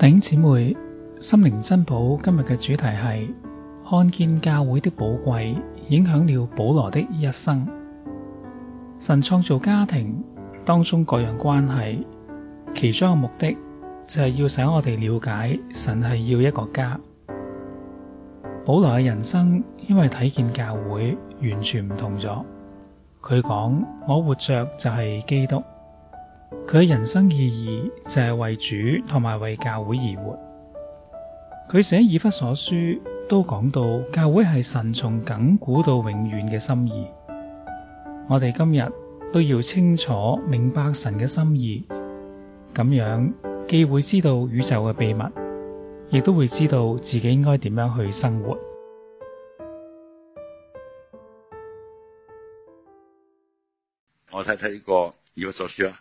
弟兄姊妹，心靈珍寶今日嘅主題係看見教會的寶貴，影響了保羅的一生。神創造家庭當中各樣關係，其中一個目的就係要使我哋了解神係要一個家。保羅嘅人生因為睇見教會完全唔同咗，佢講，我活着就係基督。佢嘅人生意義就係為主同埋為教會而活。佢寫以弗所書都講到，教會係神從亙古到永遠嘅心意。我哋今日都要清楚明白神嘅心意，咁樣既會知道宇宙嘅秘密，亦都會知道自己應該點樣去生活。我睇睇呢個以弗所書啊。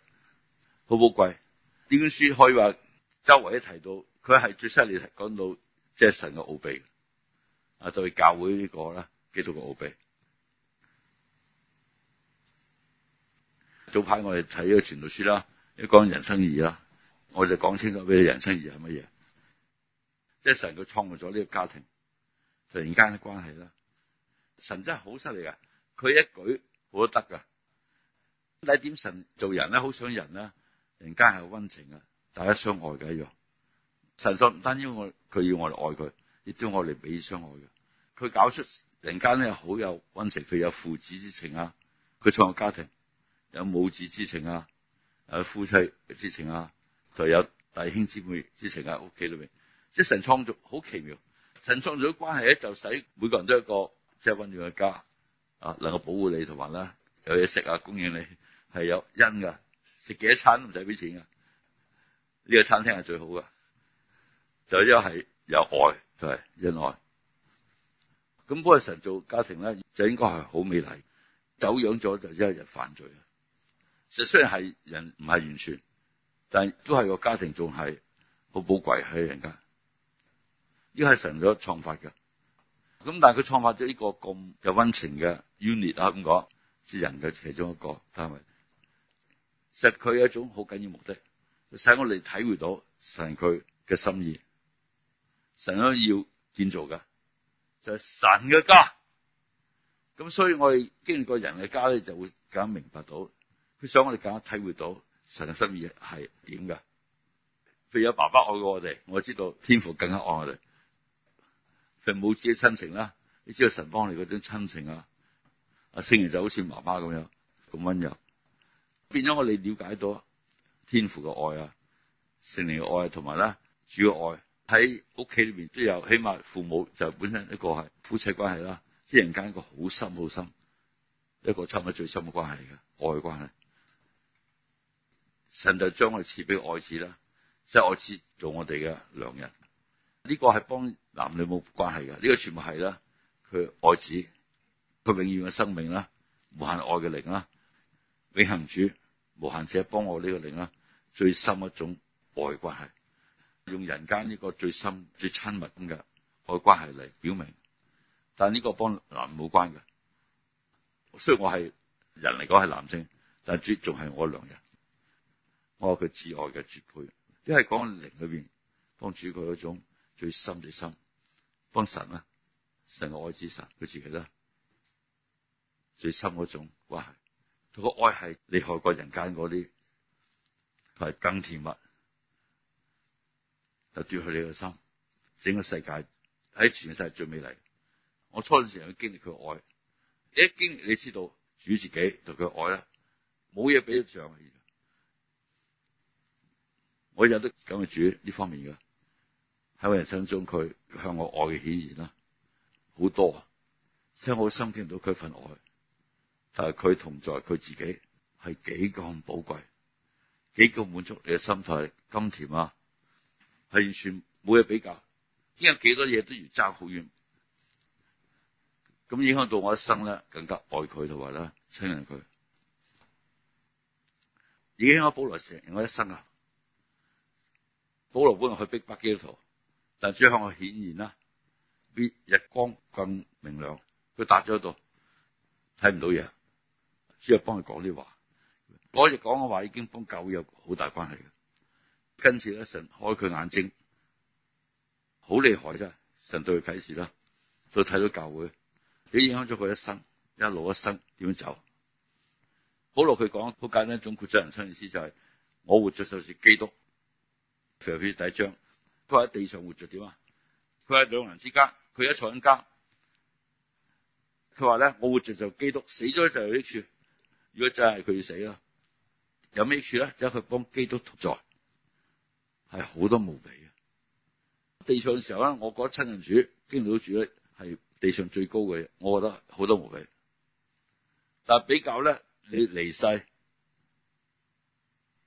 好寶貴呢本書，可以話周圍一提到，佢係最犀利，講到即係神嘅奧秘，啊對、就是、教會呢、這個啦，基督個奧秘。早排我哋睇咗《傳道書》啦，一講人生意義啦，我就講清楚俾你人生意義係乜嘢，即係神佢創造咗呢個家庭，突然間嘅關係啦，神真係好犀利㗎。佢一舉好都得噶。你點神做人咧，好想人啦。人間係有溫情嘅，大家相愛嘅一樣。神所唔單止我佢要我嚟愛佢，亦都我嚟俾相愛嘅。佢搞出人間咧，好有溫情，佢有父子之情啊，佢創個家庭有母子之情啊，誒夫妻之情啊，就有弟兄姊妹之情啊，屋企裏面，即係神創造好奇妙，神創造嘅關係咧，就使每個人都有一個即係溫暖嘅家啊，能夠保護你，同埋咧有嘢食啊，供應你係有恩嘅。食幾餐都唔使俾錢㗎。呢個餐廳係最好㗎，就一係有愛，就係恩愛。咁嗰個神做家庭咧，就應該係好美麗。走樣咗就一日犯罪啊！就雖然係人唔係完全，但都係個家庭仲係好寶貴喺人家。呢係神咗創發嘅。咁但係佢創發咗呢個咁有溫情嘅 unit 啊，咁講，即人嘅其中一個單位。實佢有一種好緊要的目的，使、就是、我哋體會到神佢嘅心意。神想要建造嘅就係、是、神嘅家，咁所以我哋經歷過人嘅家咧，就會更加明白到佢想我哋更加體會到神嘅心意係點嘅。譬如有爸爸愛過我哋，我知道天父更加愛我哋。譬如有母子嘅親情啦，你知道神幫你嗰種親情啊，阿星兒就好似媽媽咁樣咁温柔。變咗我哋了解到天父嘅愛啊、聖靈嘅愛呀、同埋咧主嘅愛喺屋企裏邊都有，起碼父母就是、本身一個係夫妻關係啦，即人間一個好深好深一個差唔多最深嘅關係嘅愛嘅關係。神就將佢賜俾愛子啦，即、就、係、是、愛子做我哋嘅良人。呢、這個係幫男女冇關係嘅，呢、這個全部係啦。佢愛子，佢永遠嘅生命啦，無限愛嘅靈啦。永恆主無限者幫我呢個靈啊，最深一種愛關係，用人間呢個最深最親密咁嘅愛關係嚟表明。但係呢個幫男冇關嘅，雖然我係人嚟講係男性，但係主仲係我良人，我係佢摯愛嘅絕配。因為個靈面幫主一係講靈裏邊幫主佢嗰種最深最深，幫神啊成個愛之神，佢自己啦最深嗰種關係。個愛係你害過人間嗰啲，係更甜蜜，就奪去你個心，整個世界喺全世界最美麗。我初段時候去經歷佢個愛，一經歷你知道主自己同佢個愛啦，冇嘢比得上。我有得咁嘅主呢方面嘅喺我人生中，佢向我愛嘅顯現啦，好多啊，所以我心見唔到佢份愛。誒，佢同在，佢自己係幾咁寶貴，幾咁滿足你嘅心態，甘甜啊，係完全冇嘢比較，邊有幾多嘢都要爭好遠，咁影響到我一生咧，更加愛佢同埋咧，親近佢，影響到保羅成我一生啊，保羅本來去逼迫基督徒，但最後佢顯現啦，比日光更明亮，佢搭咗度，睇唔到嘢。主要幫佢講啲話，嗰哋講嘅話已經幫教會有好大關係嘅。跟住咧，神開佢眼睛，好厲害啫！神對佢啟示啦，都睇到教會，你影響咗佢一生，一路一生點樣走。好落去講，好簡單總括咗人生意思就係、是：我活着就是基督。譬如第一章，佢喺地上活着點啊？佢喺兩人之間，佢一坐緊監，佢話咧：我活着就基督，死咗就有益處。如果真係佢要死啦，有咩益處咧？就係佢幫基督徒在，係好得無比嘅。地上嘅時候咧，我覺得親人主經歷到主咧係地上最高嘅嘢，我覺得好得無比。但係比較咧，你離世，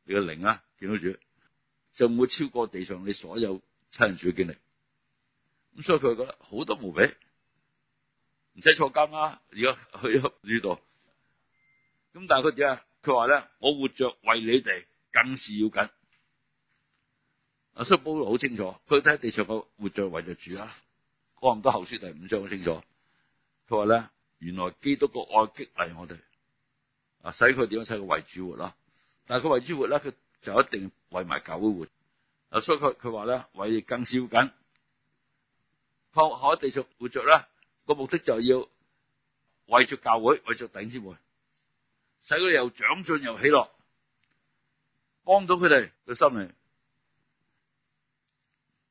你嘅靈啊見到主，就唔會超過地上你所有親人主嘅經歷。咁所以佢話覺得好得無比，唔使坐監啦，啊，而家去咗主度。咁但係佢點啊？佢話咧：我活着為你哋，更是要緊。所以保羅好清楚，佢喺地上個活着為着主啊。哥林多後書第五章好清楚，佢話咧：原來基督個愛激勵我哋，啊使佢點樣使佢為主活啦。但係佢為主活咧，佢就一定要為埋教會活。所以佢佢話咧：為你更是要緊。喺地上活着咧，個目的就要為着教會，為着弟兄姊妹。使佢哋又長進又喜樂，幫到佢哋個心靈，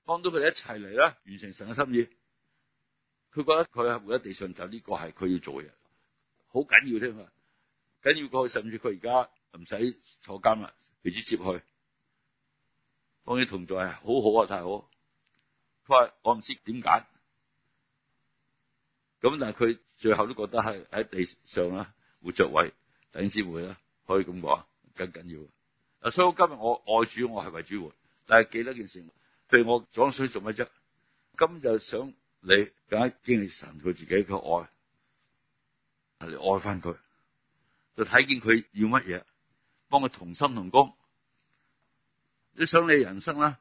幫到佢哋一齊嚟啦，完成神嘅心意。佢覺得佢喺活喺地上走呢、就是、個係佢要做嘅，好緊要添啊！緊要過甚至佢而家唔使坐監啦，直接接去。當啲同在啊，好好啊，太好！佢話我唔知點解，咁但係佢最後都覺得係喺地上啦活著位。等之會啦，可以咁講，更緊要。嗱，所以我今日我愛主，我係為主活，但係記得件事，對我講想做乜啫？今就想你更加經歷神佢自己嘅愛，嚟愛翻佢，就睇見佢要乜嘢，幫佢同心同工。你想你人生啦，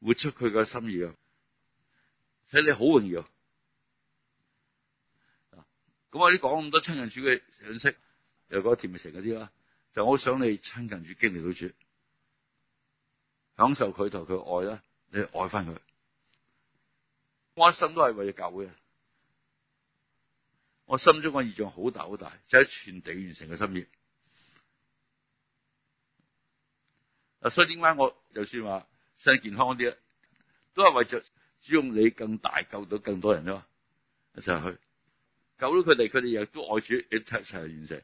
活出佢嘅心意嘅，使你好榮耀。咁我哋講咁多親近主嘅信息，又講甜蜜城嗰啲啦，就我好想你親近主經歷到主，享受佢同佢愛啦，你愛翻佢。我一生都係為咗教會，我心中個意象好大好大，就係、是、全地完成嘅心意。啊，所以點解我就算話身體健康啲啦，都係為咗使用你更大救到更多人啫一齊去。救咗佢哋，佢哋亦都愛主，一切齊完成。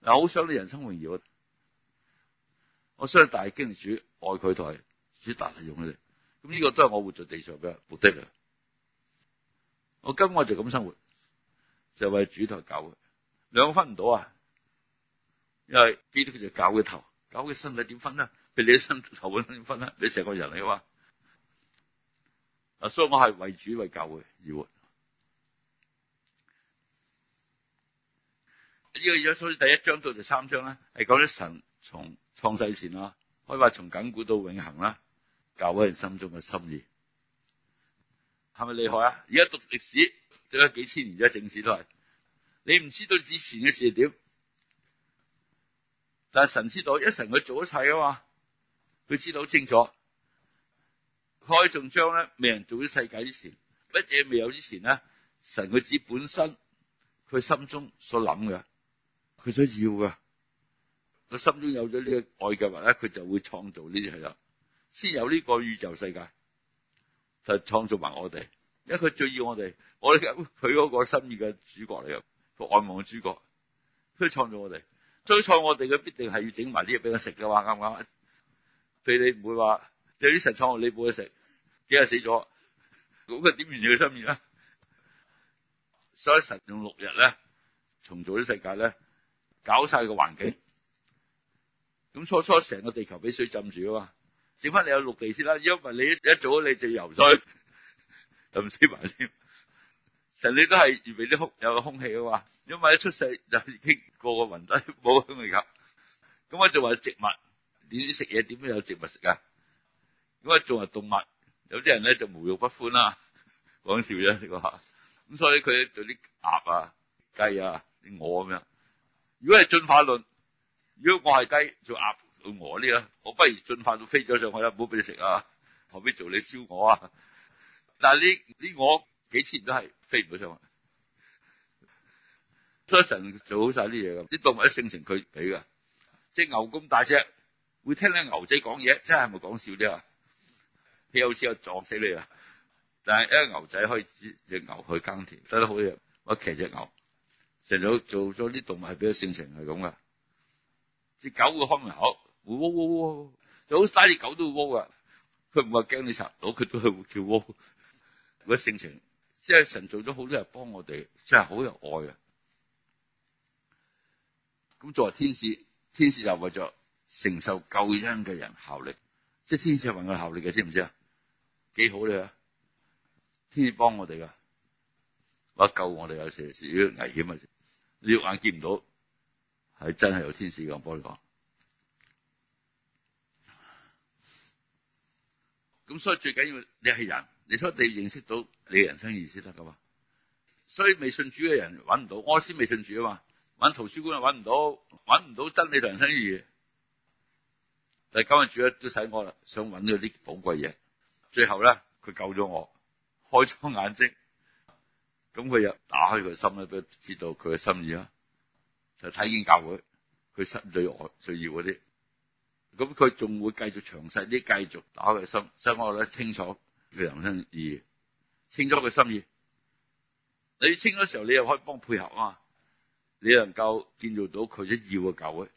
嗱，好想你人生榮耀，我相大經主愛佢台，主大力用佢哋。咁呢個都係我活在地上嘅目的嚟。我今我就咁生活，就是，為主同埋教會，兩個分唔到啊！因為基督就教會嘅頭，教會嘅身體點分啊？俾你身頭點分啊？你成個人嚟㗎嘛！啊，所以我係為主為教會而活。呢個所以第一章到第三章咧，係講啲神從創世前啦，可以話從亙古到永恒啦，教嗰人心中嘅心意，係咪厲害啊？而家讀歷史，讀咗幾千年而家正史都係，你唔知道之前嘅事係點，但係神知道，一神佢做咗一切啊嘛，佢知道好清楚。開仲章咧，未人做咗世界之前，乜嘢未有之前咧，神佢指本身佢心中所諗嘅。佢想要噶，佢心中有咗呢個愛嘅話咧，佢就會創造呢啲係啦，先有呢個宇宙世界，就創造埋我哋。因為佢最要我哋，我哋佢嗰個心意嘅主角嚟嘅，佢愛望嘅主角，佢創造我哋。所以創我哋嘅必定係要整埋啲嘢俾佢食嘅嘛，啱唔啱？佢你唔會話有啲神創我你冇嘢食，幾日死咗，咁佢點完成佢心意咧？所以神用六日咧，重造啲世界咧。搞晒個環境，咁初初成個地球俾水浸住啊嘛，剩翻你有陸地先啦。因為你一早你就游水，唔使埋添。成你都係預備啲空有空氣啊嘛。因為一出世就已經個個云底冇空氣吸。咁我仲話植物點食嘢？點樣有植物食啊？咁果做話動物，有啲人咧就無肉不歡啦。講笑啫講、這個，咁所以佢做啲鴨啊、雞啊、啲鵝咁樣。如果係進化論，如果我係雞做鴨做鵝呢啊，我不如進化到飛咗上去啦，唔好俾你食啊！何必做你燒鵝啊！但係呢呢鵝幾千年都係飛唔到上去，所以神做好晒啲嘢㗎。啲動物一性情佢俾噶。隻牛咁大隻，會聽你牛仔講嘢，真係咪講笑啲啊？佢有時又撞死你啦！但係一個牛仔可以隻牛去耕田，真係好嘢，我騎隻牛。神做做咗啲動物係，比較性情係咁噶。隻狗個康門口會喎，就好啲狗都會噶。佢唔係驚你查到，佢都係會叫喔。咗、那個、性情即係神做咗好多人幫我哋，真係好有愛啊！咁作為天使，天使又為咗承受救恩嘅人效力，即係天使為我效力嘅，知唔知啊？幾好你啊，天使幫我哋噶，話救我哋有時少危險啊！你眼見唔到，係真係有天使咁幫你講。咁所以最緊要是你係人，你所以你要認識到你嘅人生意義先得噶嘛。所以未信主嘅人揾唔到，我先未信主啊嘛，揾圖書館又揾唔到，揾唔到真理同人生意義。但係今日主啊都使我啦，想揾到啲寶貴嘢。最後咧，佢救咗我，開咗眼睛。咁佢又打開佢心咧，都知道佢嘅心意啊，就睇見教會，佢心最愛最要嗰啲。咁佢仲會繼續詳細啲，繼續打開佢心，所以我覺得清楚佢人生意義。清楚佢心意，你清咗時候，你又可以幫配合啊嘛。你能夠建造到佢想要嘅教會。